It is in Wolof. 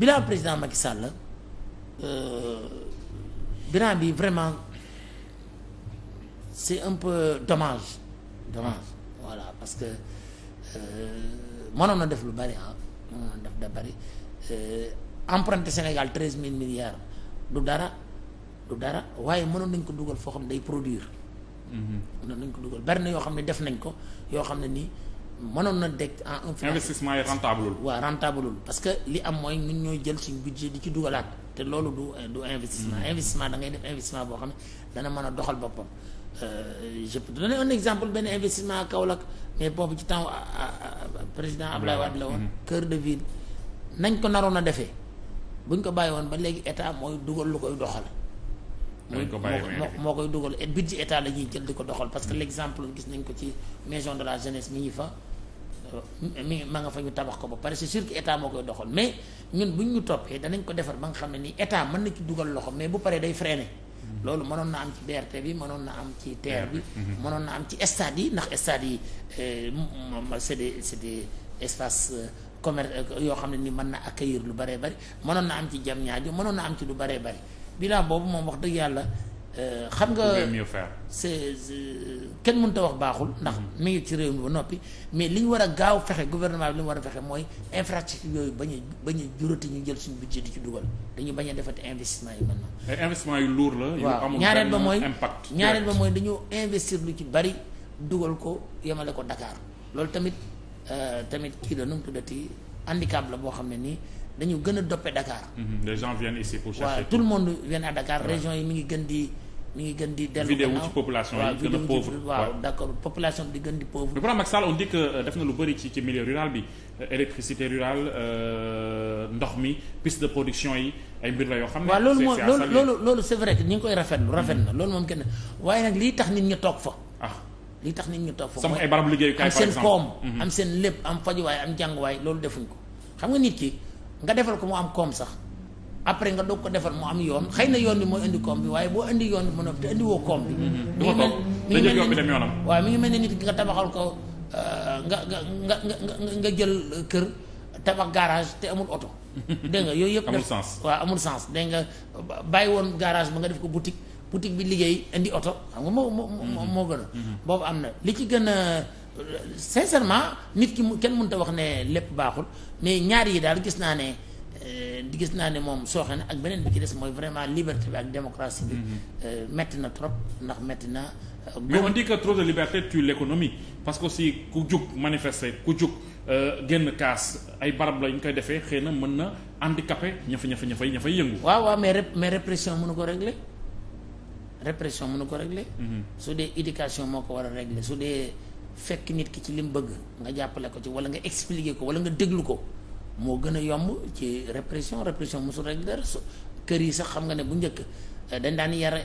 bilan président Macky la euh, bilan bi vraiment c'est un peu dommage dommage voilà parce que euh, mënoon na def lu bari ah mënoon def da bari euh, emprunté Sénégal treize mille milliards du dara du dara waaye mënoon nañ ko dugal foo xam ne day produire mm-hmm. mënoon nañ ko dugal bari na yoo xam ne def nañ ko yoo xam ne nii mënoon na dekk en un financement investissement yi rentable lul. waaw rentable parce que li am mooy ñun ñooy jël suñu budget di ci dugalaat te loolu du du investissement. Mm-hmm. investissement da ngay def investissement boo xam ne dana mën a doxal boppam. Euh, je peux donner un exemple benn investissement Kaolack mais boobu ci temps président Abdoulaye Wade la woon. Mm-hmm. cœur de ville nañ ko naroon a defee buñ ko bàyyi woon ba léegi état mooy dugal lu koy doxal. mooy moo koy dugal budget état la ñuy ko doxal parce que l'exemple gis nañ ko ci maison de la jeunesse mi ngi fa. Euh, mi ma nga fa ñu tabax ko ba pare c'est sûr que état moo koy doxal mais ñun buñ ñu toppee danañ ko defar ba nga xam ne nii état mën na ci dugal loxo mais bu paree day freiné. Mm-hmm. loolu mënoon na am ci BRT bi mënoon na am ci TER bi. Mm-hmm. Mm-hmm. mënoon na am ci stade yi ndax stade yi euh, des c'est des espaces euh, commerce yoo xam ne ni mën na accueillir lu bëree bëri mënoon na am ci Diamniadio mënoon na am ci lu bëree bëri bilan boobu moom wax dëgg yàlla. Euh, xam nga c'est kenn mënut a wax baaxul ndax mm-hmm. mi ngi ci réew mi ba noppi mais li ñu war a gaaw fexe gouvernement bi li mu war a fexe mooy infrastructure yooyu bañ a bañ a jurati ñu jël suñu budget di ci dugal dañu bañ a defati investissement yi maintenant. ay investissement yu lourd la. yu amul ñaareel ba mooy ñaareel ba mooy dañu investir lu ci bari dugal ko yemale ko Dakar loolu tamit euh, tamit kii la nu mu tuddati handicap la boo xam ne nii. dañu gën a doppe Dakar. Mhm. les gens viennent ici pour chercher. Ouais, tout le monde vient à Dakar ouais. région yi mi ngi gën di mi ngi gën di. dellu gannaaw ci population yi gën a pauvre waaw d' accord population bi di gën di pauvre. le programme Macky Sall on dit que euh, def na lu bëri ci ci milieu rural bi euh, électricité rurale euh, ndox mi piste de production yi ay mbir la yoo xam ne. waaw loolu moom loolu loolu loolu c' est vrai que ñu ngi koy rafetlu rafet na mhm. loolu moom kenn waaye nag lii tax nit ñi toog fa. Ah. lii tax nit ñi toog fa. sama ay barabu liggéeyukaay par exemple am seen koom. Mhm. am seen lépp am fajuwaay am jànguwaay loolu defuñ ko xam nga nit ki nga defal ko mu am koom sax après nga doog ko defal mu am yoon xëy na yoon bi moo indi koom bi waaye boo indi yoon bi mën a te indi woo koom bi. Mhm. du ko mi ngi mel ne waaw mi ngi mel ne nit nga tabaxal ko euh, nga nga nga nga jël kër tabax garage te amul oto. dégg nga yooyu yëpp amul sens waaw amul sens dégg nga bàyyi woon garage ba nga def ko boutique boutique bi liggéey indi oto xam nga moo moo moo gën a. Mhm. boobu am na li ci gën sincèrement nit ki mu kenn mënut a wax ne lépp baaxul mais ñaar yi daal gis naa ne di euh, gis naa ne moom sooxe na ak beneen bi ki des mooy vraiment liberté bi ak démocratie bi. Mm-hmm. Euh, metti na trop ndax metti na. Euh, mais on dit que trop de liberté tue l'économie parce que aussi ku jug manifester ku jug génn kaas ay barab lañ koy defee xëy na mën na handicapé ña fa ña fa ña fay ña fay yëngu. waaw waaw mais mais répression mënu ko régler répression mënu ko régler. Mm-hmm. su dee fekk nit ki ci li mu bëgg nga jàppale ko ci wala nga expliquer ko wala nga déglu ko moo gën a yomb ci répression répression mosul rek dara kër yi sax xam nga ne bu njëkk eh, dañ daan yara